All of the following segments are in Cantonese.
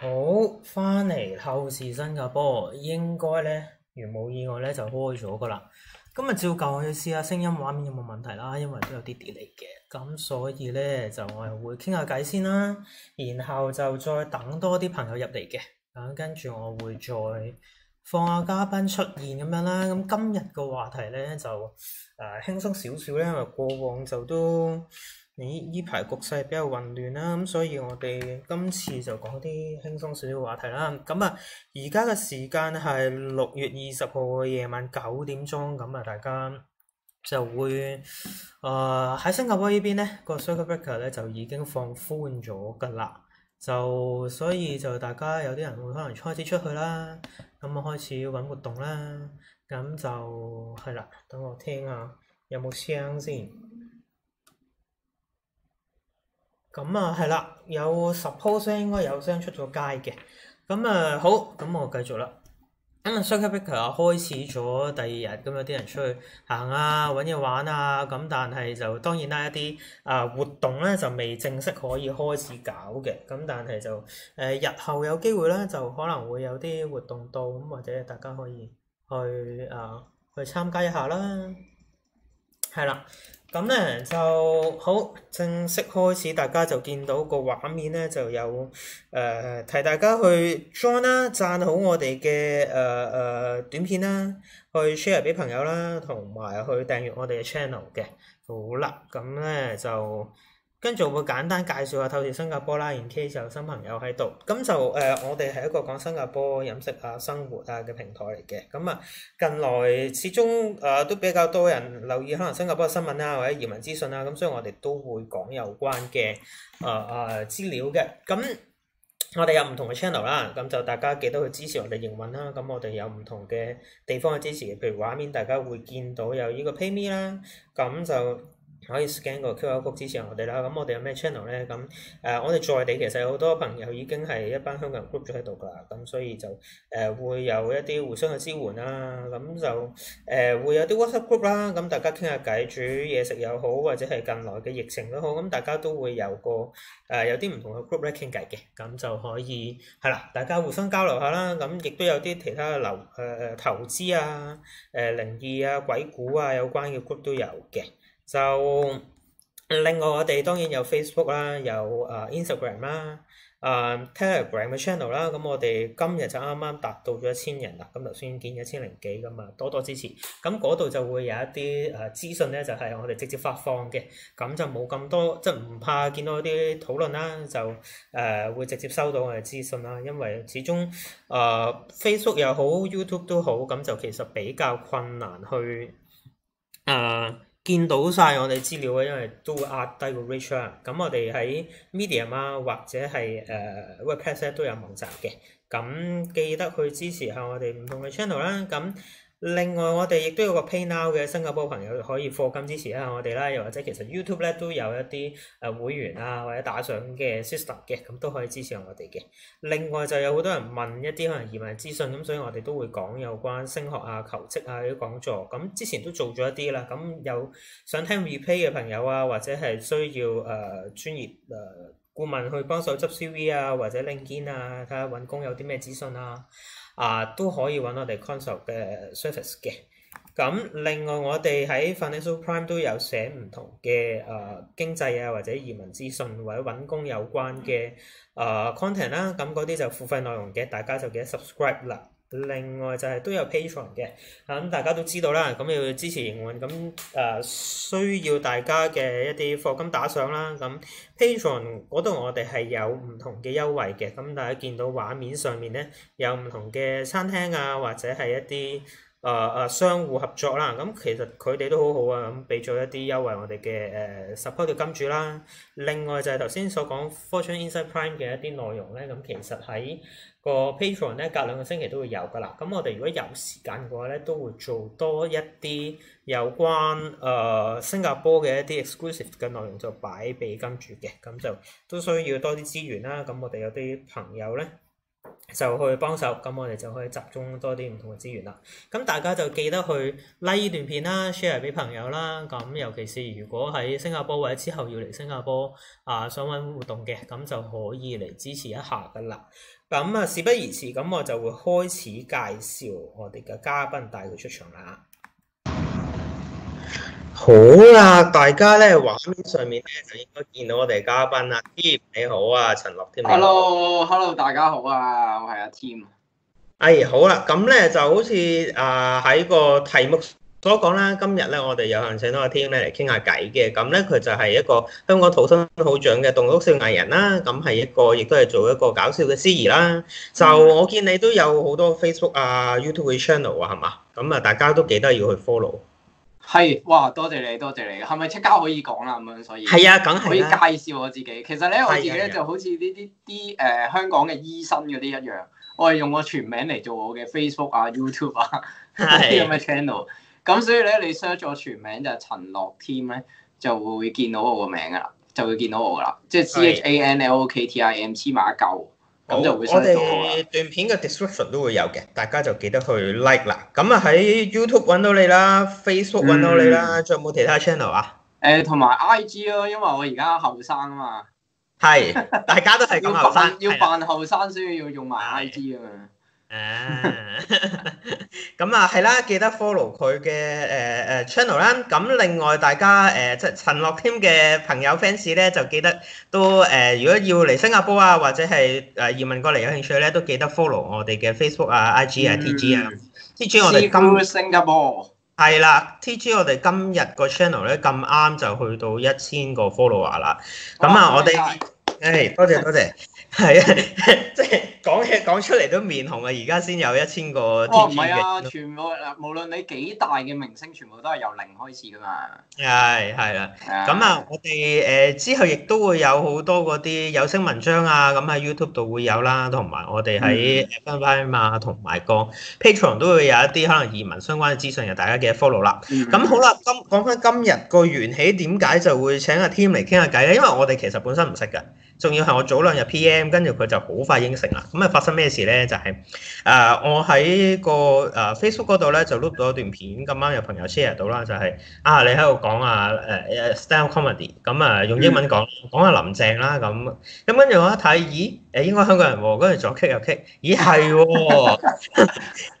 好，翻嚟後視新加坡應該咧，如冇意外咧就開咗噶啦。今日照舊去試下聲音畫面有冇問題啦，因為都有啲啲嚟嘅，咁所以咧就我係會傾下偈先啦，然後就再等多啲朋友入嚟嘅，咁跟住我會再放下嘉賓出現咁樣啦。咁今日個話題咧就誒、呃、輕鬆少少咧，因為過往就都～呢排局勢比較混亂啦，咁所以我哋今次就講啲輕鬆少少話題啦。咁啊，而家嘅時間係六月二十號嘅夜晚九點鐘，咁啊大家就會誒喺、呃、新加坡邊呢邊咧，個 circuit breaker 咧就已經放寬咗㗎啦。就所以就大家有啲人會可能開始出去啦，咁啊開始揾活動啦。咁就係啦，等我聽下有冇聲先。咁啊，係啦，有十 percent 應該有聲出咗街嘅。咁啊、呃，好，咁、嗯、我繼續啦。咁啊，雙溪碧橋啊，開始咗第二日，咁有啲人出去行啊，揾嘢玩啊。咁但係就當然啦，一啲啊活動咧就未正式可以開始搞嘅。咁但係就誒、呃，日後有機會咧，就可能會有啲活動到咁，或者大家可以去啊、呃、去參加一下啦。係啦。咁咧就好正式開始，大家就見到個畫面咧，就有誒、呃、提大家去 join 啦，讚好我哋嘅誒誒短片啦，去 share 俾朋友啦，同埋去訂閱我哋嘅 channel 嘅。好啦，咁咧就～跟住我會簡單介紹下透視新加坡啦，然之後有新朋友喺度，咁就誒、呃，我哋係一個講新加坡飲食啊、生活啊嘅平台嚟嘅。咁啊，近來始終誒、呃、都比較多人留意可能新加坡嘅新聞啦、啊，或者移民資訊啦，咁所以我哋都會講有關嘅誒誒資料嘅。咁我哋有唔同嘅 channel 啦，咁就大家記得去支持我哋營運啦。咁我哋有唔同嘅地方嘅支持，譬如畫面大家會見到有呢個 PayMe 啦，咁就。可以 scan 個 QR code 支持我哋啦。咁我哋有咩 channel 咧？咁誒、呃，我哋在地其實有好多朋友已經係一班香港人 group 咗喺度噶啦，咁所以就誒、呃、會有一啲互相嘅支援啦。咁就誒、呃、會有啲 WhatsApp group 啦，咁大家傾下偈，煮嘢食又好，或者係近來嘅疫情都好，咁大家都會有個誒、呃、有啲唔同嘅 group 咧傾偈嘅，咁就可以係啦。大家互相交流下啦。咁亦都有啲其他嘅流誒誒、呃、投資啊、誒、呃、靈異啊、鬼故啊有關嘅 group 都有嘅。就另外，我哋當然有 Facebook 啦，有啊、uh, Instagram 啦，啊、uh, Telegram 嘅 channel 啦。咁我哋今日就啱啱達到咗一千人啦，咁頭先見一千零幾咁啊，多多支持。咁嗰度就會有一啲誒、uh, 資訊咧，就係、是、我哋直接發放嘅，咁就冇咁多，即係唔怕見到啲討論啦。就誒、uh, 會直接收到我哋資訊啦，因為始終誒、uh, Facebook 又好，YouTube 都好，咁就其實比較困難去誒。Uh, 見到晒我哋資料啊，因為都會壓低個 reach 啦。咁、啊、我哋喺 medium 啊，或者係誒、呃、website 都有網站嘅。咁記得去支持下我哋唔同嘅 channel 啦。咁、啊。另外，我哋亦都有個 PayNow 嘅新加坡朋友可以課金支持一下我哋啦，又或者其實 YouTube 咧都有一啲誒會員啊或者打賞嘅 system 嘅，咁都可以支持我哋嘅。另外就有好多人問一啲可能移民資訊，咁所以我哋都會講有關升學啊、求職啊啲講座。咁之前都做咗一啲啦，咁有想聽 replay 嘅朋友啊，或者係需要誒專、呃、業誒顧問去幫手執 CV 啊或者 LinkedIn 啊，睇下揾工有啲咩資訊啊。啊，都可以揾我哋 console 嘅 service 嘅。咁、啊、另外，我哋喺 Financial Prime 都有寫唔同嘅誒、啊、經濟啊，或者移民資訊或者揾工有關嘅誒、啊、content 啦、啊。咁嗰啲就付費內容嘅，大家就記得 subscribe 啦。另外就係都有 Patreon 嘅，咁大家都知道啦，咁要支持營運，咁誒需要大家嘅一啲課金打賞啦，咁 Patreon 嗰度我哋係有唔同嘅優惠嘅，咁大家見到畫面上面咧有唔同嘅餐廳啊，或者係一啲。誒誒、呃啊、相互合作啦，咁其實佢哋都好好啊，咁俾咗一啲優惠我哋嘅誒 support 嘅金主啦。另外就係頭先所講 Fortune Insight Prime 嘅一啲內容咧，咁其實喺個 Patreon 咧隔兩個星期都會有噶啦。咁我哋如果有時間嘅話咧，都會做多一啲有關誒、呃、新加坡嘅一啲 exclusive 嘅內容就擺俾金主嘅，咁就都需要多啲資源啦。咁我哋有啲朋友咧。就去幫手，咁我哋就可以集中多啲唔同嘅資源啦。咁大家就記得去拉、like、呢段片啦，share 俾朋友啦。咁尤其是如果喺新加坡或者之後要嚟新加坡啊、呃，想搵活動嘅，咁就可以嚟支持一下噶啦。咁啊，事不宜遲，咁我就會開始介紹我哋嘅嘉賓帶佢出場啦。好啦，大家咧畫面上面咧就應該見到我哋嘉賓阿 Tim 你好啊，陳樂添。Hello，Hello，、啊、Hello, 大家好啊，我係阿 Tim。哎，好啦，咁咧就好似啊喺個題目所講啦，今日咧我哋有幸請到阿 Tim 咧嚟傾下偈嘅，咁咧佢就係一個香港土生土長嘅棟篤笑藝人啦，咁、啊、係一個亦都係做一個搞笑嘅司儀啦、啊。就、嗯、我見你都有好多 Facebook 啊、YouTube Channel 啊，係嘛，咁啊大家都記得要去 follow。係，哇！多謝你，多謝你，係咪即刻可以講啦？咁樣所以係啊，梗係可以介紹我自己，其實咧我自己咧的就好似呢啲啲誒香港嘅醫生嗰啲一樣，我係用我全名嚟做我嘅 Facebook 啊、YouTube 啊啲咁嘅 channel。咁 的 所以咧，你 search 咗全名就係、是、陳樂添咧，就會見到我個名噶啦，就會見到我啦。即、就、係、是、C H A N L O K T I M 黐埋一嚿。C M 好就會我我哋段片嘅 description 都會有嘅，大家就記得去 like 啦。咁啊喺 YouTube 揾到你啦，Facebook 揾到你啦，仲、嗯、有冇其他 channel 啊？誒、呃，同埋 IG 咯，因為我而家後生啊嘛。係，大家都係咁後生。要扮後生，所以要用埋 IG 啊嘛。 誒，咁 啊，係啦，記得 follow 佢嘅誒誒、uh, uh, channel 啦。咁另外，大家誒即係陳樂添嘅朋友 fans 咧，就記得都誒，uh, 如果要嚟新加坡啊，或者係誒移民過嚟有興趣咧，都記得 follow 我哋嘅 Facebook 啊、IG 啊、嗯、TG 啊。嗯、TG 我哋今新加坡係啦，TG 我哋今日個 channel 咧咁啱就去到一千個 follower 啦。咁啊，啊謝謝我哋誒多謝多謝。 係啊，即係 講嘢講出嚟都面紅啊！而家先有一千個哦，唔係啊，全部無論你幾大嘅明星，全部都係由零開始噶嘛。係係啦，咁啊， 啊，我哋誒之後亦都會有好多嗰啲有聲文章啊，咁喺 YouTube 度會有啦，同埋我哋喺 Fanpage 啊，同埋個 Patreon 都會有一啲可能移民相關嘅資訊，由大家嘅 follow 啦。咁 好啦，今講翻今日個緣起，點解就會請阿 Tim 嚟傾下偈咧？因為我哋其實本身唔識嘅。仲要係我早兩日 PM，跟住佢就好快應承啦。咁啊發生咩事咧？就係誒我喺個誒 Facebook 嗰度咧，就碌 o 到一段片，咁啱有朋友 share 到啦，就係啊你喺度講啊誒誒 s t y l e comedy，咁啊用英文講，講下林鄭啦咁。咁跟住我一睇，咦誒應該香港人喎，跟住左 k i k 右 k 咦係喎，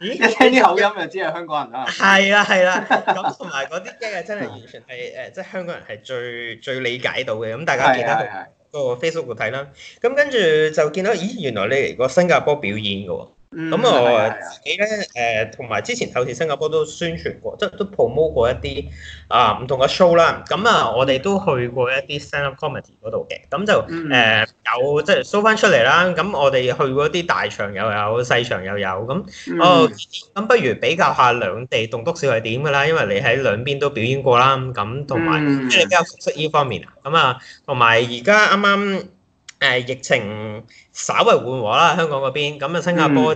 咦你聽啲口音就知係香港人啊。係啦係啦，咁同埋嗰啲嘅真係完全係誒，即係香港人係最最理解到嘅。咁大家記得。個 Facebook 度睇啦，咁跟住就見到，咦，原來你嚟過新加坡表演㗎喎。咁我自己咧，誒同埋之前透視新加坡都宣傳過，即係都 promote 過一啲啊唔同嘅 show 啦。咁啊，我哋都去過一啲 stand up comedy 嗰度嘅。咁就誒、呃嗯、有即係 show 翻出嚟啦。咁我哋去過一啲大場又有，細場又有。咁哦，咁、嗯、不如比較下兩地棟篤笑係點㗎啦？因為你喺兩邊都表演過啦，咁同埋即係你比較熟悉呢方面啊。咁啊，同埋而家啱啱。誒、呃、疫情稍為緩和啦，香港嗰邊咁啊，新加坡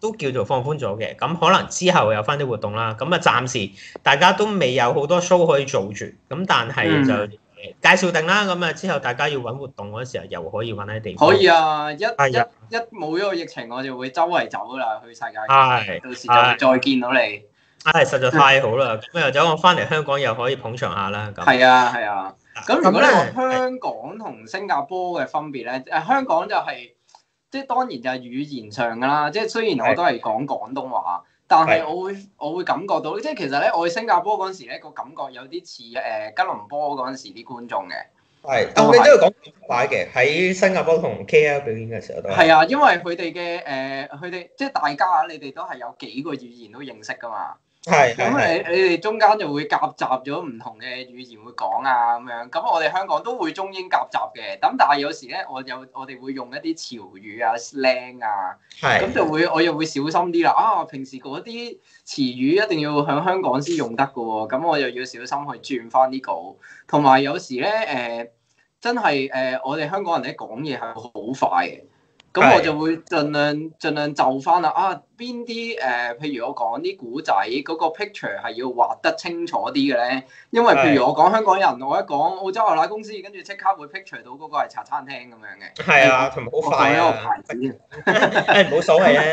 都叫做放寬咗嘅，咁可能之後有翻啲活動啦。咁啊，暫時大家都未有好多 show 可以做住，咁但係就介紹定啦。咁啊，之後大家要揾活動嗰陣時候，又可以揾喺地方。可以啊，一、哎、呀一一冇咗個疫情，我就會周圍走啦，去世界。哎、到時再再見到你。係、哎，實在太好啦！咁又走我翻嚟香港又可以捧場下啦。咁。係啊，係啊。咁如果咧香港同新加坡嘅分別咧，誒的香港就係即係當然就係語言上噶啦，即係雖然我都係講廣東話，的但係我會我會感覺到即係的其實咧我去新加坡嗰陣時咧個感覺有啲似誒吉隆坡嗰陣時啲觀眾嘅。但我哋都要講快嘅，喺新加坡同 KL 表演嘅時候都係啊，因為佢哋嘅誒佢哋即係大家你哋都係有幾個語言都認識噶嘛。係，咁、嗯、你你哋中間就會夾雜咗唔同嘅語言會講啊咁樣，咁我哋香港都會中英夾雜嘅，咁但係有時咧，我有我哋會用一啲潮語啊、slang 啊，咁就會我又會小心啲啦。啊，平時嗰啲詞語一定要喺香港先用得㗎喎，咁我又要小心去轉翻啲稿。同埋有，有時咧，誒、呃、真係誒、呃，我哋香港人咧講嘢係好快嘅。咁我就會盡量、啊、盡量就翻啦。啊，邊啲誒？譬如我講啲古仔，嗰、嗰個 picture 係要畫得清楚啲嘅咧。因為譬如我講香港人，啊、我一講澳洲牛奶公司，跟住即刻會 picture 到嗰個係茶餐廳咁樣嘅。係啊，同埋好快、啊、我一個牌子。誒、 哎，唔好手氣啊！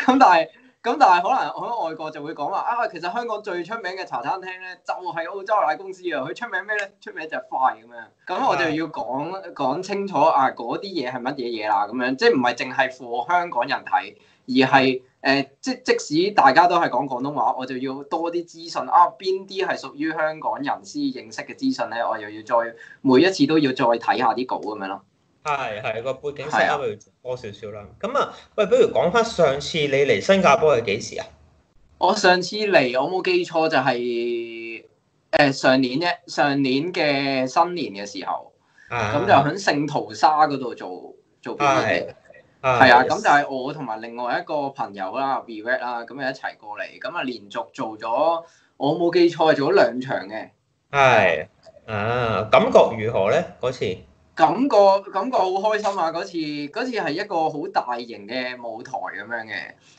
咁 但係。咁但係可能我喺外國就會講話啊，其實香港最出名嘅茶餐廳咧，就係澳洲牛奶公司啊！佢出名咩咧？出名就係快咁樣。咁我就要講講清楚啊，嗰啲嘢係乜嘢嘢啦？咁樣即係唔係淨係符合香港人睇，而係誒即即使大家都係講廣東話，我就要多啲資訊啊，邊啲係屬於香港人先認識嘅資訊咧？我又要再每一次都要再睇下啲稿咁樣咯。係係個背景寫得咪多少少啦，咁啊的喂，不如講翻上次你嚟新加坡係幾時啊？我上次嚟，我冇記錯就係誒上年啫，上年嘅新年嘅時候，咁、啊、就喺聖淘沙嗰度做做表演，係啊的，咁、啊、就係我同埋另外一個朋友啦，Bret 啦，咁一齊過嚟，咁啊連續做咗，我冇記錯做咗兩場嘅，係啊，啊，感覺如何咧嗰次？感覺感覺好開心啊！嗰次嗰次係一個好大型嘅舞台咁樣嘅，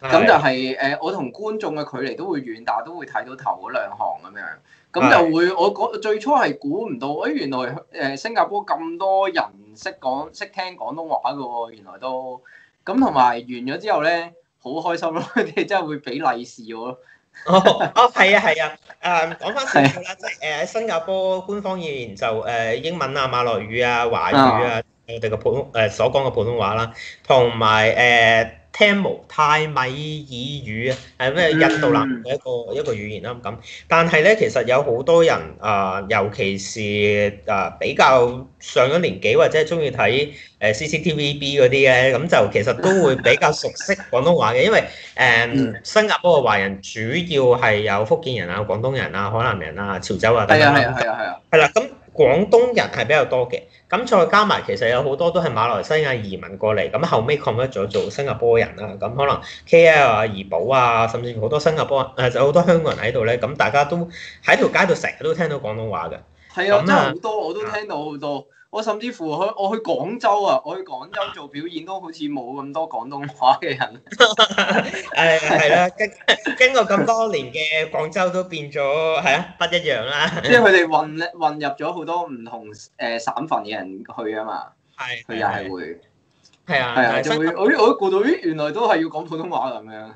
咁的就係、是、誒、呃、我同觀眾嘅距離都會遠大，但都會睇到頭嗰兩行咁樣，咁就會的我最初係估唔到，哎原來誒新加坡咁多人識講識聽廣東話嘅喎、啊，原來都咁，同埋完咗之後咧，好開心咯、啊！佢 哋真係會俾利是我。 哦，哦，係啊，係啊，誒、嗯，講翻少少啦，即係喺新加坡官方語言就誒、呃、英文啊、馬來語啊、華語啊，我哋嘅普通誒、呃、所講嘅普通話啦，同埋誒。呃聽冇泰米爾語啊，係咩印度南嘅一個一個語言啦。咁但係咧，其實有好多人啊、呃，尤其是啊、呃、比較上咗年紀或者係中意睇誒 CCTVB 嗰啲咧，咁就其實都會比較熟悉廣東話嘅，因為誒、呃、新加坡嘅華人主要係有福建人啊、廣東人啊、海南人啊、潮州啊等等啊，係啊，係啊，係啊。係啦、啊，咁、啊。廣東人係比較多嘅，咁再加埋其實有好多都係馬來西亞移民過嚟，咁後尾 combine 咗做新加坡人啦，咁可能 KL 啊、怡保啊，甚至好多新加坡啊，就好多香港人喺度咧，咁大家都喺條街度成日都聽到廣東話嘅，係啊，嗯，真係好多，我都聽到好多。我甚至乎去我去廣州啊，我去廣州做表演都好似冇咁多廣東話嘅人、 哎，係係啦，經經過咁多年嘅廣州都變咗，係啊，不一樣啦，即係佢哋混混入咗好多唔同誒、呃、省份嘅人去啊嘛，係佢又係會。係啊，但係的新會我咦我估到咦，原來都係要講普通話啦，係咪啊？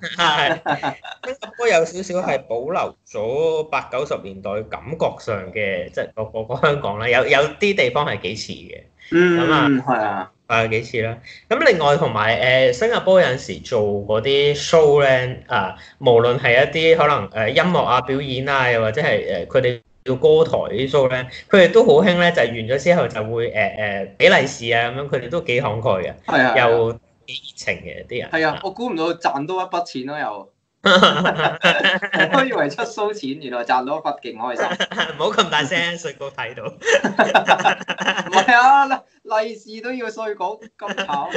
新加坡有少少係保留咗八九十年代感覺上嘅，即係個個個香港啦。有有啲地方係幾似嘅，嗯，係、嗯、啊，係幾似啦。咁、啊、另外同埋誒新加坡有時做嗰啲 show 咧啊，無論係一啲可能誒音樂啊表演啊，又或者係誒佢哋，做歌台啲 show 咧，佢哋都好興咧，就係、完咗之後就會誒誒俾利是啊，咁樣佢哋都幾慷慨嘅，啊、又幾熱情嘅啲人。係啊，我估唔到賺多一筆錢咯，又 我以為出 show 錢，原來賺多一筆，勁開心。唔好咁大聲，衰哥睇到。唔 係 啊。利是都要，所以講咁巧。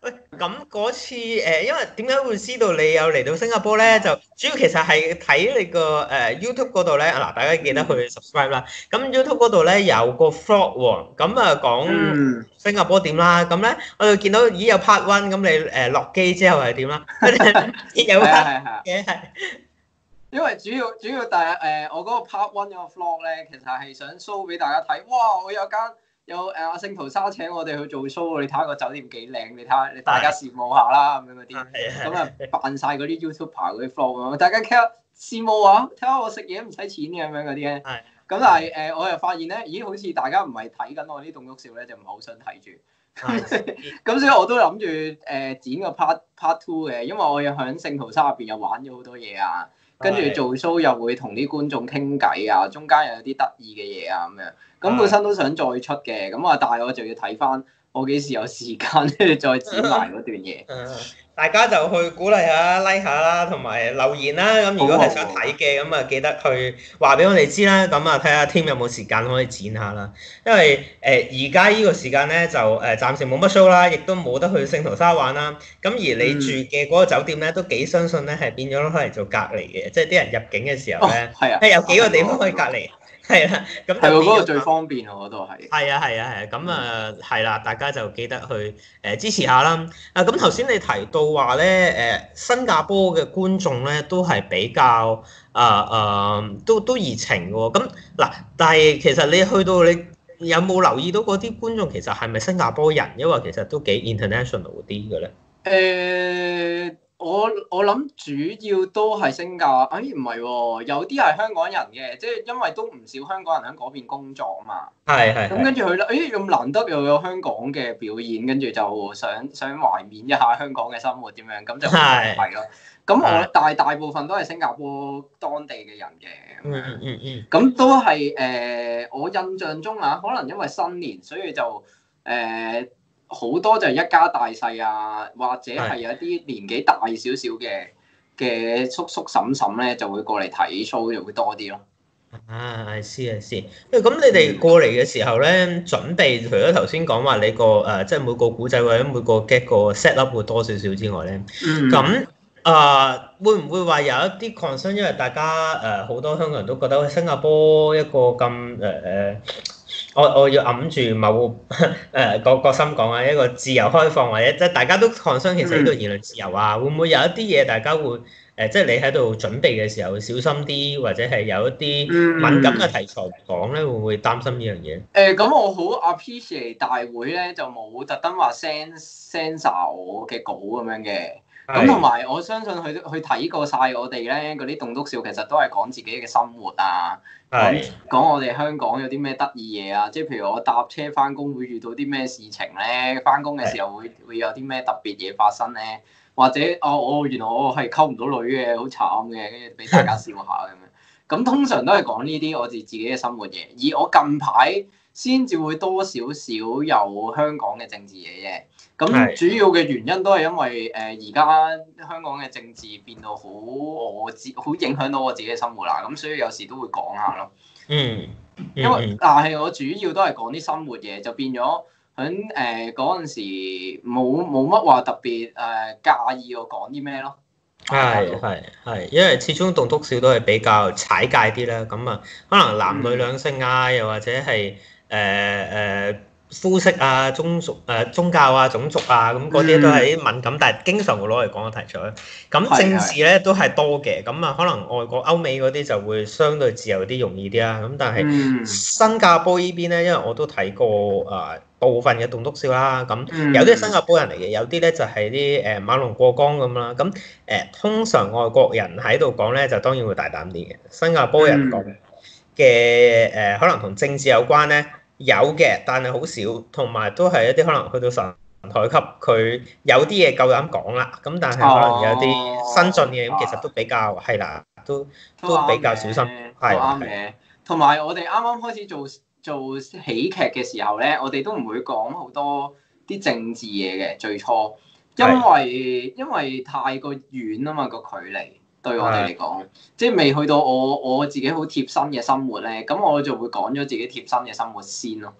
喂，咁 嗰 次誒，因為點解會知道你有嚟到新加坡咧？就主要其實係睇你個誒 YouTube 嗰度咧。嗱，大家記得去 subscribe 啦、嗯。咁 YouTube 嗰度咧，有個 vlog 喎，咁啊講新加坡點啦。咁咧，我就見到咦有 part one，咁你誒落機之後係點啦？有嘅係，因為主要主要但係誒，我嗰個 part one 有嘅 vlog 咧，其實係想 show 俾大家睇。哇！我有間。有誒阿聖淘沙請我哋去做 show，你睇下個酒店幾靚，你睇下是你大家羨慕下啦咁樣嗰啲，咁啊扮晒嗰啲 YouTube 嗰啲 flow 啊，呃、大家羨慕啊，睇下我食嘢唔使錢咁樣嗰啲咧。咁但係誒我又發現咧，咦好似大家唔係睇緊我啲棟篤笑咧，就唔係好想睇住。咁是 所以我都諗住誒剪個 part part two 嘅，因為我又喺聖淘沙入邊又玩咗好多嘢啊。跟住做 show 又會同啲觀眾傾偈啊，中間又有啲得意嘅嘢啊咁樣，咁本身都想再出嘅，咁啊但係我就要睇翻我幾時有時間 跟住再剪埋嗰段嘢。 大家就去鼓勵下、拉、like、下啦，同埋留言啦。咁好如果係想睇嘅，咁啊記得去話俾我哋知啦。咁啊睇下 Tim 有冇時間可以剪下啦。因為誒而家呢個時間咧，就誒暫時冇乜 show 啦，亦都冇得去聖淘沙玩啦。咁而你住嘅嗰個酒店咧，都幾相信咧，係變咗攞嚟做隔離嘅，即係啲人入境嘅時候咧，係、哦、啊，係有幾個地方可以隔離。哦。係啦，咁係喎，嗰個、最方便啊，我覺得係。係啊，係啊，係啊，咁啊，係啦，大家就記得去誒支持下啦。啊，咁頭先你提到話咧，誒新加坡嘅觀眾咧都係比較啊啊、呃呃，都都熱情喎。咁嗱，但係其實你去到你有冇留意到嗰啲觀眾其實係咪新加坡人？因為其實都幾 international 啲嘅咧。誒、欸。我我諗主要都係新加坡，哎唔係喎，有啲係香港人嘅，即係因為都唔少香港人喺嗰邊工作啊嘛。係係是、嗯。咁跟住佢咧，哎咁難得又有香港嘅表演，跟住就想想懷緬一下香港嘅生活點樣，咁就係咯。咁是是 我大大部分都係新加坡當地嘅人嘅。嗯咁、嗯嗯嗯嗯、都係誒、呃，我印象中啊，可能因為新年，所以就誒。呃好多就係一家大細啊，或者係有一啲年紀大少少嘅嘅叔叔嬸嬸咧，就會過嚟睇 show 就會多啲咯。啊，I see I see，咁你哋過嚟嘅時候咧，準備除咗頭先講話你個誒，即係每個古仔或者每個 get 個 set up 會多少少之外咧，咁啊，會唔會話有一啲 concern？因為大家誒好多香港人都覺得新加坡一個咁誒誒。我我要揞住某誒個個心講啊，一個自由開放或者即係大家都擴張，其實呢個言論自由啊，嗯、會唔會有一啲嘢大家會誒、呃，即係你喺度準備嘅時候小心啲，或者係有一啲敏感嘅題材講咧，會唔會擔心呢樣嘢？誒、嗯欸，咁我好 appreciate 大會咧，就冇特登話 send censor 我嘅稿咁樣嘅。咁同埋，我相信佢都佢睇過晒我哋咧嗰啲棟篤笑，其實都係講自己嘅生活啊，的講我哋香港有啲咩得意嘢啊，即係譬如我搭車翻工會遇到啲咩事情咧，翻工嘅時候會會有啲咩特別嘢發生咧，或者哦，我、哦、原來我係溝唔到女嘅，好慘嘅，跟住俾大家笑下咁樣。咁通常都係講呢啲我哋自己嘅生活嘢，而我近排，先至會多少少有香港嘅政治嘢嘅，咁主要嘅原因都係因為誒而家香港嘅政治變到好我自好影響到我自己嘅生活啦，咁所以有時都會講下咯、嗯。嗯，因為但係我主要都係講啲生活嘢，就變咗喺誒嗰陣時冇冇乜話特別誒、呃、介意我講啲咩咯。係係係，因為始終棟篤笑都係比較踩界啲啦，咁啊可能男女兩性啊，又或者係、嗯。誒誒膚色啊、宗族誒、呃、宗教啊、種族啊，咁嗰啲都係啲敏感，但係經常會攞嚟講嘅題材。咁、嗯、政治咧都係多嘅，咁、嗯、啊、嗯、可能外國歐美嗰啲就會相對自由啲、容易啲啦。咁但係新加坡呢邊咧，因為我都睇過啊、呃、部分嘅棟篤笑啦，咁有啲係新加坡人嚟嘅，有啲咧就係啲誒馬龍過江咁啦。咁、嗯、誒、嗯嗯嗯嗯、通常外國人喺度講咧，就、呃、當然會大膽啲嘅。新加坡人講嘅誒，可能同政治有關咧。呃有嘅，但係好少，同埋都係一啲可能去到神台級，佢有啲嘢夠膽講啦。咁但係可能有啲新進嘅，咁、哦、其實都比較係啦的，都都比較小心，係啱嘅。同埋的的我哋啱啱開始做做喜劇嘅時候咧，我哋都唔會講好多啲政治嘢嘅，最初因為的因為太過遠啊嘛，個距離。對我哋嚟講，即係未去到我我自己好貼心嘅生活咧，咁我就會講咗自己貼心嘅生活先咯，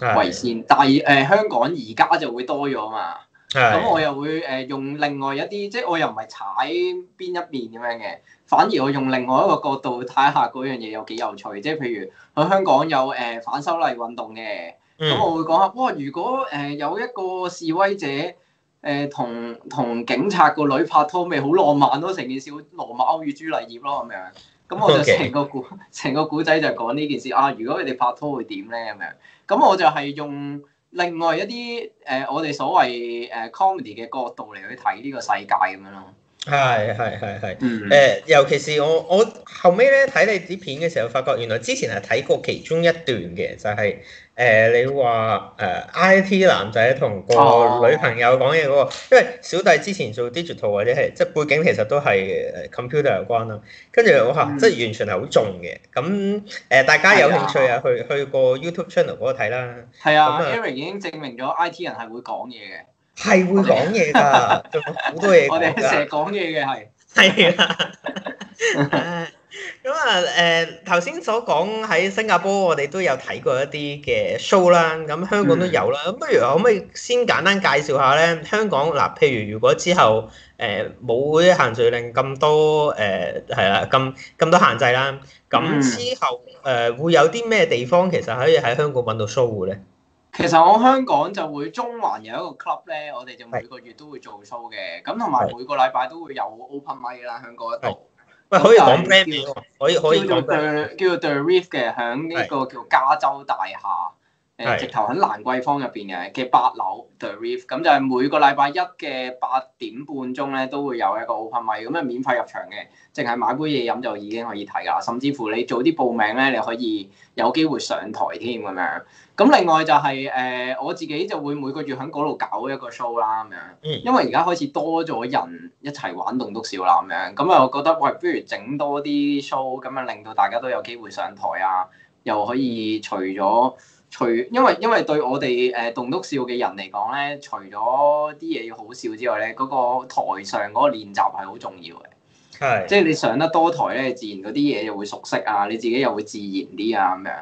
為是的 先。但係誒、呃、香港而家就會多咗嘛，咁我又會誒、呃、用另外一啲，即係我又唔係踩邊一邊咁樣嘅，反而我用另外一個角度睇下嗰樣嘢有幾有趣。即係譬如去香港有誒、呃、反修例運動嘅，咁我會講下，哇、哦！如果誒、呃、有一個示威者。誒，同同警察個女拍拖咪好浪漫咯，成件事好羅密歐與朱麗葉咯咁樣。咁我就成個故成 Okay. 個古仔就講呢件事啊！如果佢哋拍拖會點咧咁樣呢？咁我就係用另外一啲誒、呃、我哋所謂誒、呃、comedy 嘅角度嚟去睇呢個世界咁樣咯。是係係係係，誒、呃、尤其是我我後尾咧睇你啲片嘅時候，發覺原來之前係睇過其中一段嘅，就係、是、誒、呃、你話誒、呃、IT 男仔同個女朋友講嘢嗰個，哦、因為小弟之前做 digital 或者係即係背景其實都係誒 computer 有關啦。跟住我嚇，即係完全係好重嘅。咁誒、嗯呃、大家有興趣啊，去去過 you 個 YouTube channel 嗰度睇啦。係啊，Eric 已經證明咗 IT 人係會講嘢嘅。係會講嘢㗎，好多嘢， 我哋成日講嘢嘅係係啦。咁 啊，誒頭先所講喺新加坡，我哋都有睇過一啲嘅 show 啦。咁香港都有啦。咁不如可唔可以先簡單介紹下咧？香港嗱，譬如如果之後誒冇啲限聚令咁多誒係啦，咁、呃、咁多限制啦，咁之後誒會有啲咩地方其實可以喺香港搵到 show 嘅咧？其實我香港就會中環有一個 club 咧，我哋就每個月都會做 show 嘅，咁同埋每個禮拜都會有 open mic 啦，喺嗰度。喂，可以，可以叫做，叫做 The Reef 嘅，喺呢個叫加州大廈。誒直頭喺蘭桂坊入邊嘅嘅八樓 The Reef，咁就係每個禮拜一嘅八點半鐘咧，都會有一個 open mic，咁啊免費入場嘅，淨係買杯嘢飲就已經可以睇啦。甚至乎你早啲報名咧，你可以有機會上台添咁樣。咁另外就係誒我自己就會每個月喺嗰度搞一個 show 啦咁樣，因為而家開始多咗人一齊玩棟篤笑啦咁樣，咁啊我覺得喂，不如整多啲 show，咁啊令到大家都有機會上台啊，又可以除咗～除因為因為對我哋誒棟篤笑嘅人嚟講咧，除咗啲嘢要好笑之外咧，嗰、那個台上嗰個練習係好重要嘅。係，是的 即係你上得多台咧，自然嗰啲嘢又會熟悉啊，你自己又會自然啲啊咁樣。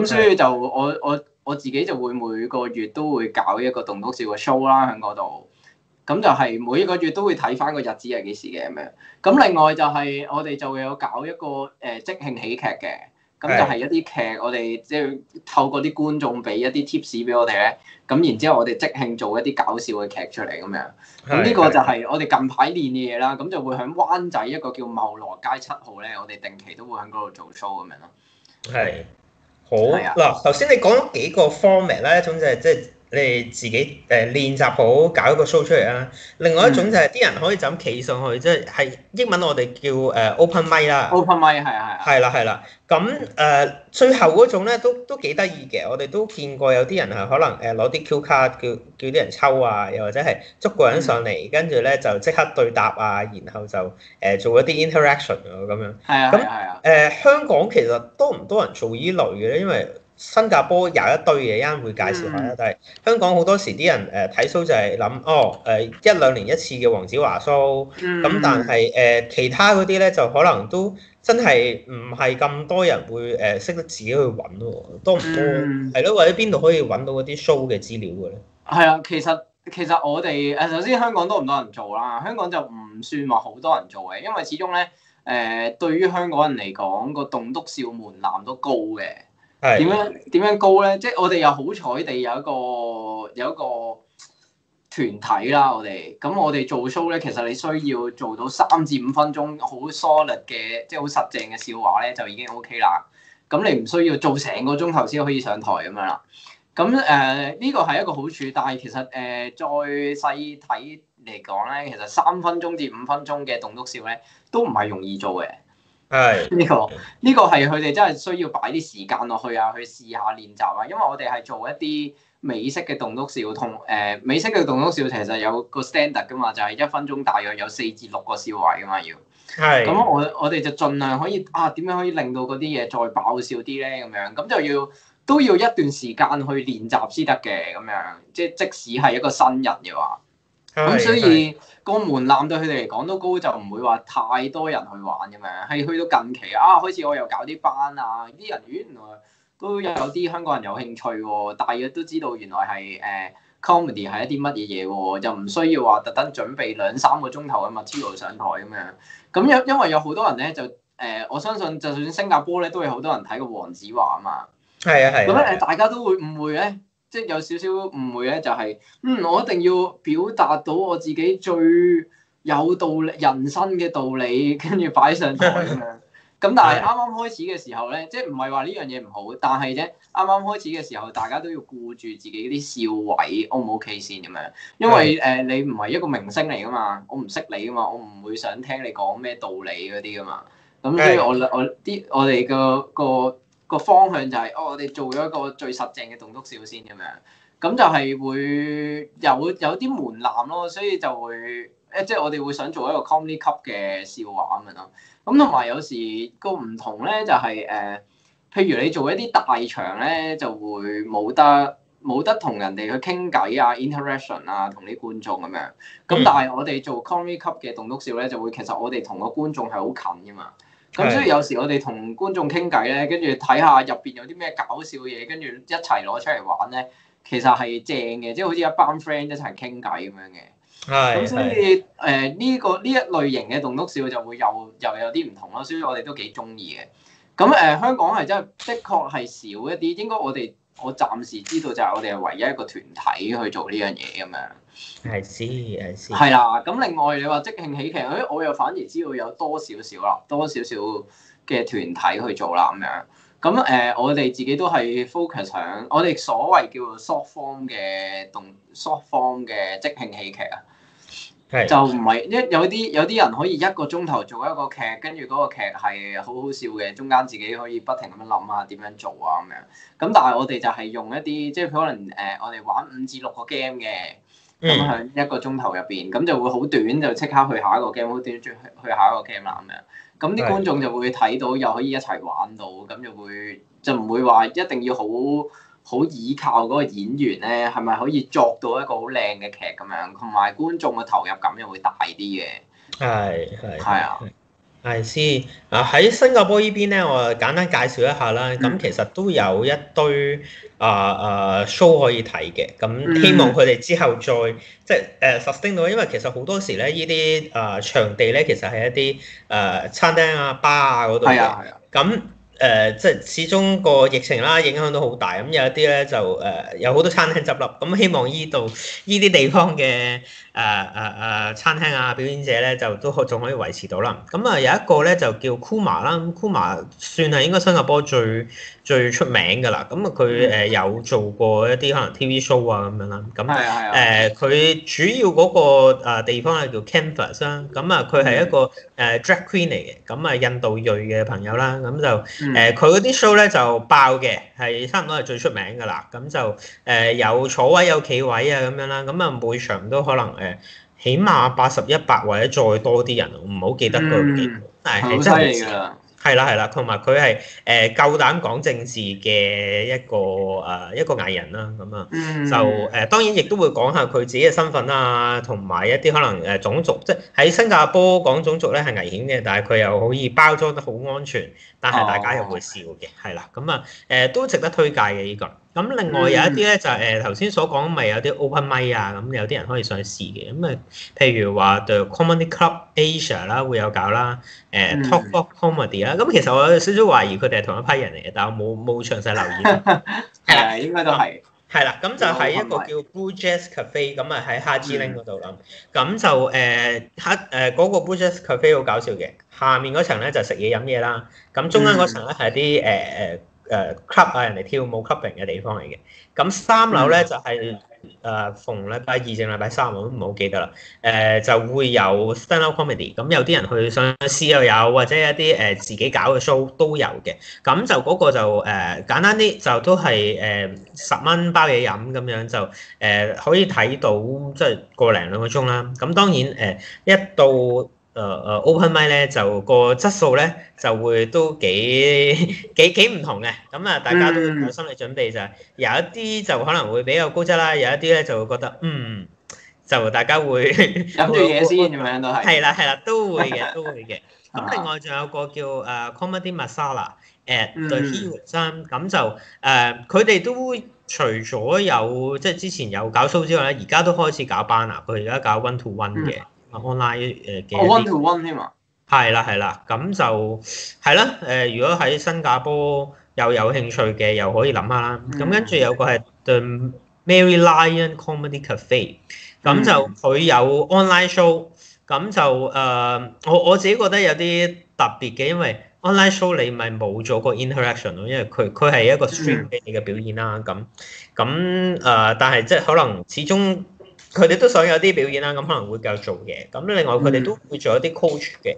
咁所以就我我我自己就會每個月都會搞一個棟篤笑嘅 show 啦，喺嗰度。咁就係每一個月都會睇翻個日子係幾時嘅咁樣。咁另外就係我哋就會有搞一個誒、呃、即興喜劇嘅。咁就係一啲劇，我哋即係透過啲觀眾俾一啲 tips 俾我哋咧，咁然之後我哋即興做一啲搞笑嘅劇出嚟咁樣。咁呢個就係我哋近排練嘅嘢啦。咁就會喺灣仔一個叫茂羅街七號咧，我哋定期都會喺嗰度做 show 咁樣咯。係，好嗱，頭先、啊、你講咗幾個 format 咧、就是，一種就係即係。你哋自己誒練習好，搞一個 show 出嚟啦。另外一種就係、是、啲人可以就咁企上去，即、就、係、是、英文我哋叫誒 open mic 啦。Open mic 係啊係啊。係啦係啦，咁誒、呃、最後嗰種咧都都幾得意嘅，我哋都見過有啲人係可能誒攞啲 Q 卡叫叫啲人抽啊，又或者係捉個人上嚟，嗯、跟住咧就即刻對答啊，然後就誒做一啲 interaction 咁樣。係啊。咁誒香港其實多唔多人做依類嘅咧？因為，新加坡有一堆嘢一陣會介紹下啦，嗯、但係香港好多時啲人誒睇 show 就係諗哦誒、呃、一兩年一次嘅黃子華 show 咁，嗯、但係誒、呃、其他嗰啲咧就可能都真係唔係咁多人會誒識、呃、得自己去揾咯，多唔多係咯，或者邊度可以揾到嗰啲 show 嘅資料嘅咧？係啊、嗯，其實其實我哋誒、呃、首先香港多唔多人做啦？香港就唔算話好多人做嘅，因為始終咧誒、呃、對於香港人嚟講，個棟篤笑門檻都高嘅。點樣點樣高咧？即係我哋又好彩地有一個有一個團體啦。我哋咁我哋做 show 咧，其實你需要做到三至五分鐘好 solid 嘅，即係好實淨嘅笑話咧，就已經 OK 啦。咁你唔需要做成個鐘頭先可以上台咁樣啦。咁誒呢個係一個好處，但係其實誒、呃、再細睇嚟講咧，其實三分鐘至五分鐘嘅棟篤笑咧，都唔係容易做嘅。係，呢、這個呢、這個係佢哋真係需要擺啲時間落去啊，去試下練習啊。因為我哋係做一啲美式嘅棟篤笑，同、呃、誒美式嘅棟篤笑其實有個 standard 噶嘛，就係、是、一分鐘大約有四至六個笑位噶嘛，要係咁是、嗯、我我哋就盡量可以啊，點樣可以令到嗰啲嘢再爆笑啲咧？咁樣咁就要都要一段時間去練習先得嘅，咁樣即即使係一個新人嘅話。咁所以個門檻對佢哋嚟講都高，就唔會話太多人去玩咁樣。係去到近期啊，開始我又搞啲班啊，啲人原來都有啲香港人有興趣喎、哦。大約都知道原來係誒、呃、comedy 係一啲乜嘢嘢喎，就唔需要話特登準備兩三個鐘頭嘅 material 上台咁樣。咁因因為有好多人咧就誒、呃，我相信就算新加坡咧都有好多人睇過黃子華啊嘛。係啊係。咁咧、啊，啊、大家都會誤會咧。即係有少少誤會咧、就係，就係嗯，我一定要表達到我自己最有道理人生嘅道理，跟住擺上台咁樣。咁 但係啱啱開始嘅時候咧，即係唔係話呢樣嘢唔好，但係啫啱啱開始嘅時候，大家都要顧住自己啲笑位 O 唔 O K 先咁樣。因為誒、 呃，你唔係一個明星嚟噶嘛，我唔識你噶嘛，我唔會想聽你講咩道理嗰啲噶嘛。咁所以我我啲我哋個個，個個方向就係、是、哦，我哋做咗一個最實正嘅棟篤笑先咁樣，咁就係會有有啲門檻咯，所以就會誒，即係我哋會想做一個 comedy club 嘅笑話咁樣咯。咁同埋有時個唔同咧就係、是、誒、呃，譬如你做一啲大場咧，就會冇得冇得同人哋去傾偈啊，interaction 啊，同啲觀眾咁樣。咁但係我哋做 comedy club 嘅棟篤笑咧，就會其實我哋同個觀眾係好近㗎嘛。咁、嗯、所以有時我哋同觀眾傾偈咧，跟住睇下入邊有啲咩搞笑嘢，跟住一齊攞出嚟玩咧，其實係正嘅，即係好似一班 friend 一齊傾偈咁樣嘅。咁、嗯嗯、所以誒呢、呃呢個呢一類型嘅棟篤笑就會又又有啲唔同咯，所以我哋都幾中意嘅。咁、嗯、誒、呃、香港係真係的，的確係少一啲，應該我哋。我暫時知道就係我哋係唯一一個團體去做呢樣嘢咁樣，係知係知，係啦，咁另外你話即興喜劇，我又反而知道有多少少啦，多少少嘅團體去做啦咁樣。咁誒、呃，我哋自己都係 focus 喺我哋所謂叫做 short form 嘅動，short form 嘅即興喜劇啊。是就唔係一有啲有啲人可以一個鐘頭做一個劇，跟住嗰個劇係好好笑嘅，中間自己可以不停咁樣諗下點樣做啊咁樣。咁但係我哋就係用一啲，即係可能誒，我哋玩五至六個 game 嘅，咁喺一個鐘頭入邊，咁就會好短，就即刻去下一個 game，好短，去下一個 game 啦咁樣。咁啲觀眾就會睇到，又可以一齊玩到，咁就會就唔會話一定要好。好倚靠嗰個演員咧，係咪可以作到一個好靚嘅劇咁樣？同埋觀眾嘅投入感又會大啲嘅。係係係啊，艾師啊喺新加坡邊呢邊咧，我簡單介紹一下啦。咁其實都有一堆啊啊、呃呃、show 可以睇嘅。咁希望佢哋之後再、嗯、即係誒 sustain 到，因為其實好多時咧呢啲啊場地咧，其實係一啲誒、呃、餐廳啊、吧啊嗰度嘅。係啊係啊咁。嗯誒，即係、呃、始終個疫情啦，影響到好大咁、嗯，有一啲咧就誒、呃，有好多餐廳執笠，咁、嗯、希望依度依啲地方嘅誒誒誒餐廳啊、表演者咧就都仲可以維持到啦。咁、嗯、啊，有一個咧就叫 Ku m、嗯、馬啦，Kuma 算係應該新加坡最最出名㗎啦，咁啊佢誒有做過一啲可能 TV show 啊咁樣啦，咁誒佢主要嗰、那個、呃、地方係叫 Canvas 啦、啊。咁啊佢係一個誒、呃、drag queen 嚟嘅，咁、嗯、啊印度裔嘅朋友啦，咁就誒佢嗰啲 show 咧就爆嘅，係差唔多係最出名㗎啦，咁就誒、呃、有坐位有企位啊咁樣啦，咁啊每場都可能誒、呃、起碼八十一百或者再多啲人，唔好記得個數，但係真係。 係啦，係啦，同埋佢係誒夠膽講政治嘅一個誒、呃、一個藝人啦，咁啊，就誒、呃、當然亦都會講下佢自己嘅身份啊，同埋一啲可能誒、呃、種族，即係喺新加坡講種族咧係危險嘅，但係佢又好易包裝得好安全，但係大家又會笑嘅，係啦、oh, okay.，咁啊誒、呃、都值得推介嘅依、呢個。咁另外有一啲咧就誒頭先所講咪有啲 open mic 啊，咁有啲人可以上去試嘅，咁啊譬如話 The comedy club Asia 啦會有搞啦，誒 Talk of Comedy 啦，咁其實我有少少懷疑佢哋係同一批人嚟嘅，但係我冇冇詳細留意。係啊、 嗯 嗯，應該都係。係、 嗯、啦，咁就喺一個叫 Blue Jazz Cafe，咁啊喺哈芝拎嗰度啦。咁就誒黑誒嗰個 Blue Jazz Cafe 好搞笑嘅，下面嗰層咧就食嘢飲嘢啦，咁中間嗰層咧係啲誒誒。嗯誒、呃、club 啊，人哋跳舞 clubbing 嘅地方嚟嘅。咁三樓咧就係、是、誒、呃、逢禮拜二正禮拜三我都唔好記得啦。誒、呃、就會有 stand-up comedy，咁、嗯、有啲人去上司又有，或者一啲誒、呃、自己搞嘅 show 都有嘅。咁就嗰個就誒、呃、簡單啲，就都係誒、呃、十蚊包嘢飲咁樣就誒、呃、可以睇到即係、就是、個零兩個鐘啦。咁、嗯、當然誒、呃、一到。誒、uh, Open Mic 咧就個質素咧就會都幾 幾幾唔同嘅，咁啊大家都有心理準備就係有一啲就可能會比較高質啦，有一啲咧就會覺得嗯，就大家會諗住嘢先咁樣都係，係啦係啦都會嘅都會嘅。咁 另外仲有個叫誒、uh, Comedy Masala at the 咁、嗯、就誒佢哋都除咗有即係、就是、之前有搞 show 之外咧，而家都開始搞班啦。佢而家搞 one to one 嘅。 online 誒嘅 one to one 添嘛，係啦係啦，咁就係啦誒，如果喺新加坡又有興趣嘅，又可以諗下啦。咁、mm. 跟住有個係 The Mary Lion Comedy Cafe，咁就佢有 online show，咁就誒、呃、我我自己覺得有啲特別嘅，因為 online show 你咪冇咗個 interaction 咯，因為佢佢係一個 stream 畀你嘅表演啦。咁咁誒，但係即係可能始終。佢哋都想有啲表演啦，咁可能會繼續做嘅。咁另外佢哋都會做一啲 coach 嘅，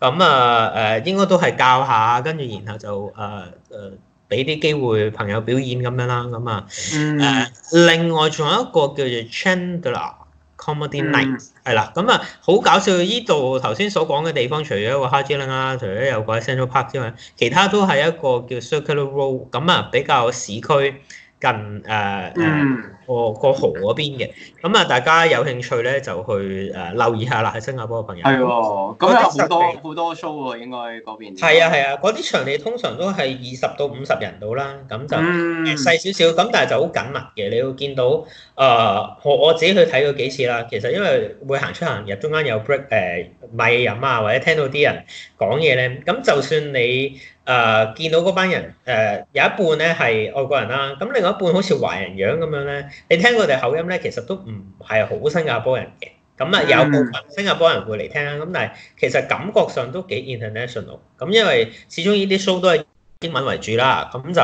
咁啊誒應該都係教下，跟住然後就誒誒俾啲機會朋友表演咁樣啦。咁啊誒另外仲有一個叫做 Chandler Comedy Night，係啦、嗯。咁啊好搞笑！呢度頭先所講嘅地方，除咗個 Haji Lane，除咗有個 Central Park 之外，其他都係一個叫 Circular Road。咁啊比較市區近誒。呃嗯嗯個個河嗰邊嘅，咁啊大家有興趣咧就去誒留意下啦，喺、呃、新加坡嘅朋友。係喎、哦，咁有好多好多 show 喎，應該嗰邊。係啊係啊，嗰啲、啊、場地通常都係二十到五十人度啦，咁就細少少，咁、嗯、但係就好緊密嘅。你會見到誒，我、呃、我自己去睇過幾次啦。其實因為會行出行入，中間有 break 誒、呃、買嘢飲啊，或者聽到啲人講嘢咧，咁就算你誒、呃、見到嗰班人誒、呃、有一半咧係外國人啦，咁另外一半好似華人樣咁樣咧。你聽佢哋口音咧，其實都唔係好新加坡人嘅，咁啊有部分新加坡人會嚟聽，咁但係其實感覺上都幾 international，咁因為始終呢啲 show 都係英文為主啦，咁就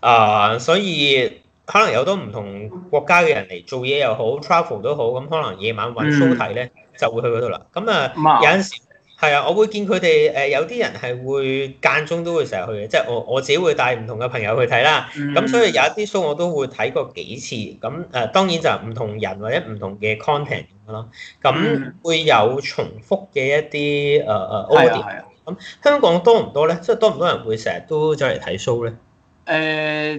啊、呃、所以可能有好多唔同國家嘅人嚟做嘢又好 travel 都好，咁可能夜晚揾 show 睇咧、嗯、就會去嗰度啦，咁啊有陣時。係啊，我會見佢哋誒，有啲人係會間中都會成日去嘅，即係我我自己會帶唔同嘅朋友去睇啦。咁、嗯、所以有一啲 show 我都會睇過幾次。咁誒、呃，當然就係唔同人或者唔同嘅 content 咁咯。咁會有重複嘅一啲誒誒 idea。咁香港多唔多咧？即係多唔多人會成日都走嚟睇 show 咧？誒、呃，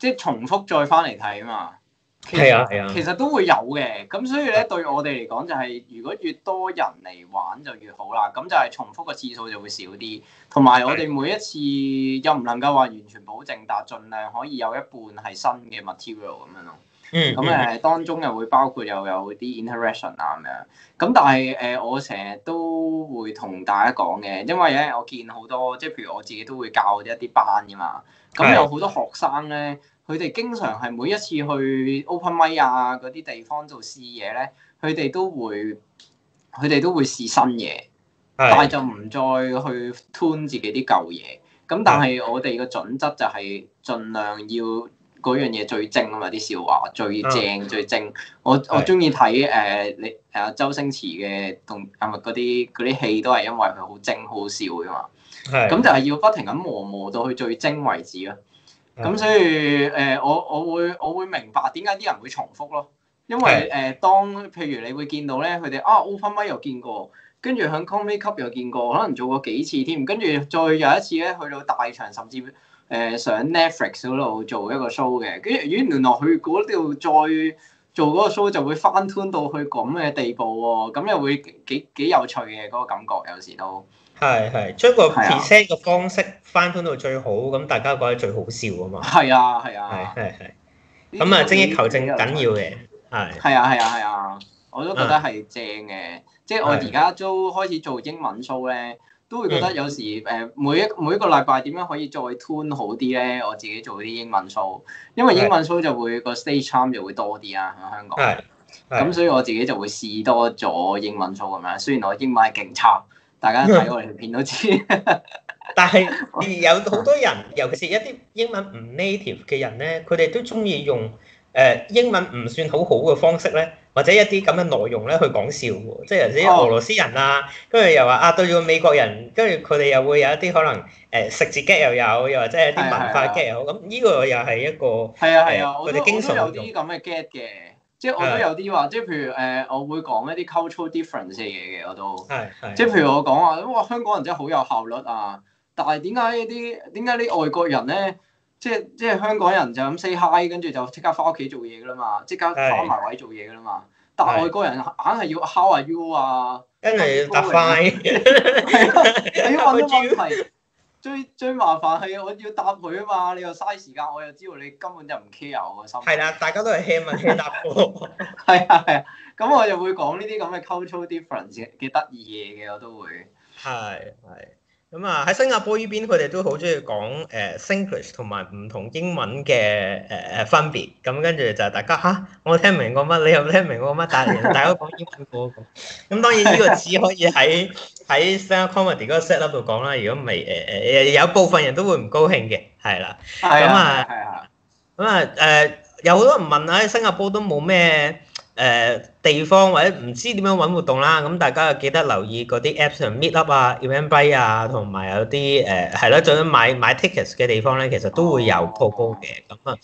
即係重複再翻嚟睇啊嘛～係啊，其實都會有嘅，咁所以咧對我哋嚟講就係、是，如果越多人嚟玩就越好啦，咁就係重複嘅次數就會少啲，同埋我哋每一次又唔能夠話完全保證，但係儘量可以有一半係新嘅 material 咁樣咯。嗯，嗯，咁誒當中又會包括又有啲 interaction 啊咁樣，咁但係誒、呃、我成日都會同大家講嘅，因為咧我見好多即係譬如我自己都會教一啲班㗎嘛，咁有好多學生咧。佢哋經常係每一次去 open mic 啊嗰啲地方做試嘢咧，佢哋都會佢哋都會試新嘢，是的 但係就唔再去 tune 自己啲舊嘢。咁但係我哋個準則就係盡量要嗰樣嘢最精啊嘛！啲笑話最正最精。是的 我我中意睇誒你啊周星馳嘅動係咪嗰啲嗰啲戲都係因為佢好精好笑㗎嘛。咁是的 就係要不停咁磨磨到去最精為止咯。咁所以誒、呃，我我會我會明白點解啲人會重複咯，因為誒、呃，當譬如你會見到咧，佢哋啊，Open Mic 又見過，跟住響 Comic Cup 又見過，可能做過幾次添，跟住再有一次咧，去到大場，甚至誒、呃、上 Netflix 嗰度做一個 show 嘅，跟住原來落去嗰度再做嗰個 show 就會翻 turn 到去咁嘅地步喎，咁又會幾幾有趣嘅嗰、那個感覺，有時都。係係將個 present 個方式翻 turn 到最好，咁大家覺得最好笑啊嘛！係啊係啊係係係，咁啊精益求精緊要嘅，係係啊係啊係啊，我都覺得係正嘅。即係我而家都開始做英文 show 咧，都會覺得有時誒每一每一個禮拜點樣可以再 tune 好啲咧。我自己做啲英文 show，因為英文 show 就會個 stage time 就會多啲啊。喺香港係咁，所以我自己就會試多咗英文 show 咁樣。雖然我英文係勁差。大家睇我嚟條片都知、嗯， 但係有好多人，尤其是一啲英文唔 native 嘅人咧，佢哋都中意用誒英文唔算好好嘅方式咧，或者一啲咁嘅內容咧去講笑喎，即係有啲俄羅斯人啊，跟住又話啊對住美國人，跟住佢哋又會有一啲可能誒食字 get 又有，又或者係一啲文化 get 又有，咁呢是個又係一個係啊，佢哋經常有啲咁嘅 get 嘅。即係我都有啲話，即係譬如誒、呃，我會講一啲 culture difference 嘅嘢嘅，我都 即係譬如我講話，因為香港人真係好有效率啊，但係點解呢啲點解啲外國人咧，即係即係香港人就咁 say hi，跟住就即刻翻屋企做嘢㗎啦嘛，即刻翻埋位做嘢㗎啦嘛， 但係外國人硬係要 how are you 啊，跟住搭翻係啊，你要問啲問題。 最最麻煩係我要答佢啊嘛，你又嘥時間，我又知道你根本就唔 care 我嘅心態。嗯。係啦，大家都係 hea 問 hea 答喎。係啊，係啊，咁我又會講呢啲咁嘅 cultural difference 嘅得意嘢嘅，我都會。係係。咁啊，喺 新加坡呢邊，佢哋都好中意講 Singlish 同埋唔同英文嘅誒誒分別。咁、啊、跟住就大家吓、啊，我聽唔明我乜，你又不聽唔明我乜，但係大家都講英文過、那個。咁當然呢個只可以喺喺 stand comedy 嗰 set level 講啦。如果唔係誒誒誒，有部分人都會唔高興嘅，係啦。係啊。係啊。咁啊誒，有好多人問啊，喺新加坡都冇咩？誒地方或者唔知點樣揾活動啦，咁大家記得留意嗰啲 app 上 MeetUp 啊、Eventbrite 啊，同埋有啲誒係啦，最緊買買 tickets 嘅地方咧，其實都會有 promo 嘅。咁啊、哦，誒、嗯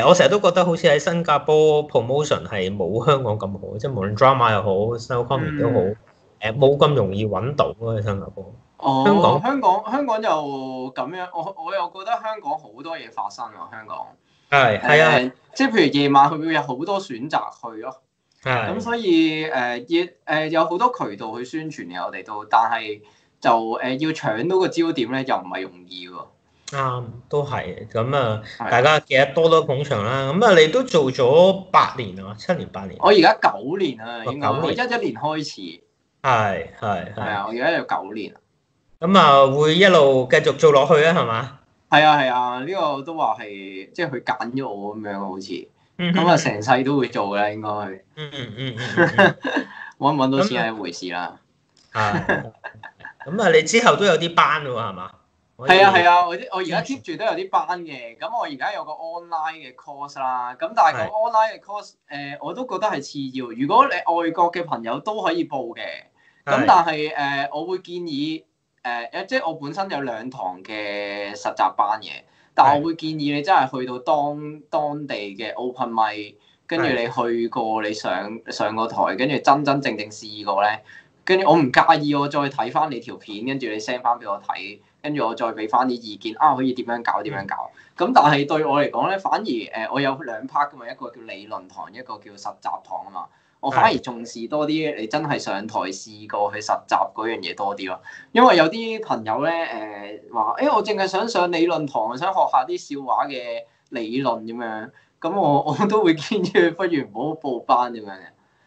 嗯、我成日都覺得好似喺新加坡 promotion 係冇香港咁好，即係無論 Drama 又好、show company 都好，誒冇咁容易揾到咯，喺新加坡。香港加坡哦香港香港，香港香港香港又咁樣，我我又覺得香港好多嘢發生啊，香港。係係啊，即係譬如夜晚佢會有好多選擇去咯。咁、嗯、所以誒，亦、呃、誒、呃呃、有好多渠道去宣傳嘅，我哋都，但係就誒、呃、要搶到個焦點咧，又唔係容易喎。啱、啊，都係。咁啊，大家記得多多捧場啦。咁啊，你都做咗八年啊，七年八年。年我而家九年啊，已經九年，一一年開始。係係係啊！我而家有九年。咁啊，會一路繼續做落去啊？係嘛？係啊係啊，呢、這個都話係，即係佢揀咗我咁樣好似。咁啊，成世、嗯、都會做啦，應該、嗯。搵唔搵，搵 到錢係一回事啦。咁 啊，你之後都有啲班喎，係嘛？係啊係啊，我啲我而家 keep 住都有啲班嘅。咁我而家有個 online 嘅 course 啦、呃。咁但係個 online 嘅 course，誒我都覺得係次要。如果你外國嘅朋友都可以報嘅。咁但係誒、呃，我會建議誒誒、呃，即係我本身有兩堂嘅實習班嘅。但係我會建議你真係去到當當地嘅 open mic，跟住你去過，你上上個台，跟住真真正正試過咧，跟住我唔介意我再睇翻你條片，跟住你 send 翻俾我睇，跟住我再俾翻啲意見啊，可以點樣搞？點樣搞？咁但係對我嚟講咧，反而誒我有兩 part 噶嘛，一個叫理論堂，一個叫實習堂啊嘛。我反而重視多啲，你真係上台試過去實習嗰樣嘢多啲咯。因為有啲朋友咧，誒、呃、話，誒我淨係想上理論堂，想學下啲笑話嘅理論咁樣。咁我我都會建議你，不如唔好報班咁樣。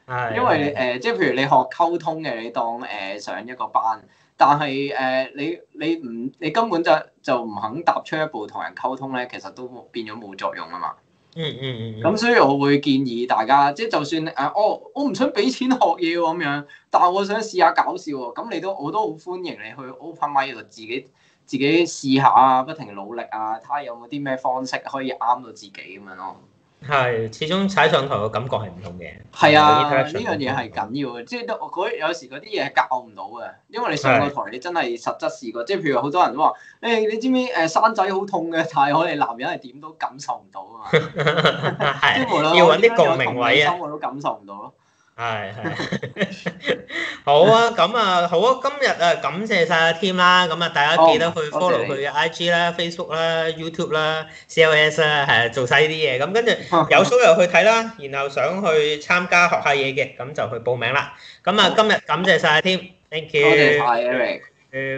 嘅，因為你誒、呃，即係譬如你學溝通嘅，你當誒、呃、上一個班，但係誒、呃、你你唔你根本就就唔肯踏出一步同人溝通咧，其實都變咗冇作用啊嘛。嗯嗯嗯，咁所以我會建議大家，即係就算誒、啊哦，我我唔想俾錢學嘢喎咁樣，但係我想試下搞笑喎、哦。咁你都我都好歡迎你去 open mic 度自己自己試下啊，不停努力啊，睇下有冇啲咩方式可以啱到自己咁樣咯。係，始終踩上台個感覺係唔同嘅。係啊，呢個樣嘢係緊要嘅，即係都嗰有時嗰啲嘢教唔到嘅，因為你上個台你真係實質試過。是即係譬如好多人都話，誒、欸、你知唔知誒生仔好痛嘅，但係我哋男人係點都感受唔到啊嘛。係啊。的要啲共鳴位啊，生活都感受唔到咯。係係，好啊咁啊好啊！啊今日啊感謝曬阿 Tim 啦，咁啊大家記得去 follow 佢嘅 IG 啦、oh, thank Facebook 啦、YouTube 啦、CLS 啦，係做晒呢啲嘢。咁跟住有需要去睇啦，然後想去參加學下嘢嘅，咁就去報名啦。咁啊今日、啊、感謝曬阿 Tim，thank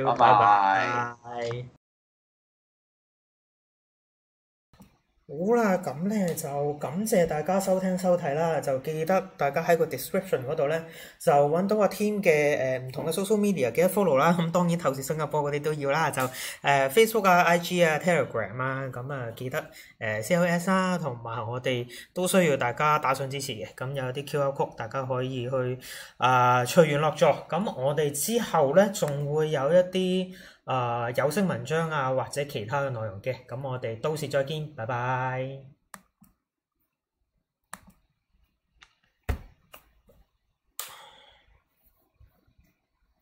you，拜拜。好啦，咁咧就感謝大家收聽收睇啦，就記得大家喺個 description 嗰度咧就揾到阿 Tim 嘅誒唔同嘅 social media 記得 follow 啦，咁當然透視新加坡嗰啲都要啦，就誒、呃、Facebook 啊、IG 啊、Telegram 啊，咁啊記得誒、呃、CLS 啊，同埋我哋都需要大家打賞支持嘅，咁有啲 Q R code 大家可以去啊、呃、隨緣落座，咁我哋之後咧仲會有一啲。誒、呃、有聲文章啊，或者其他嘅內容嘅，咁我哋到時再見，拜拜。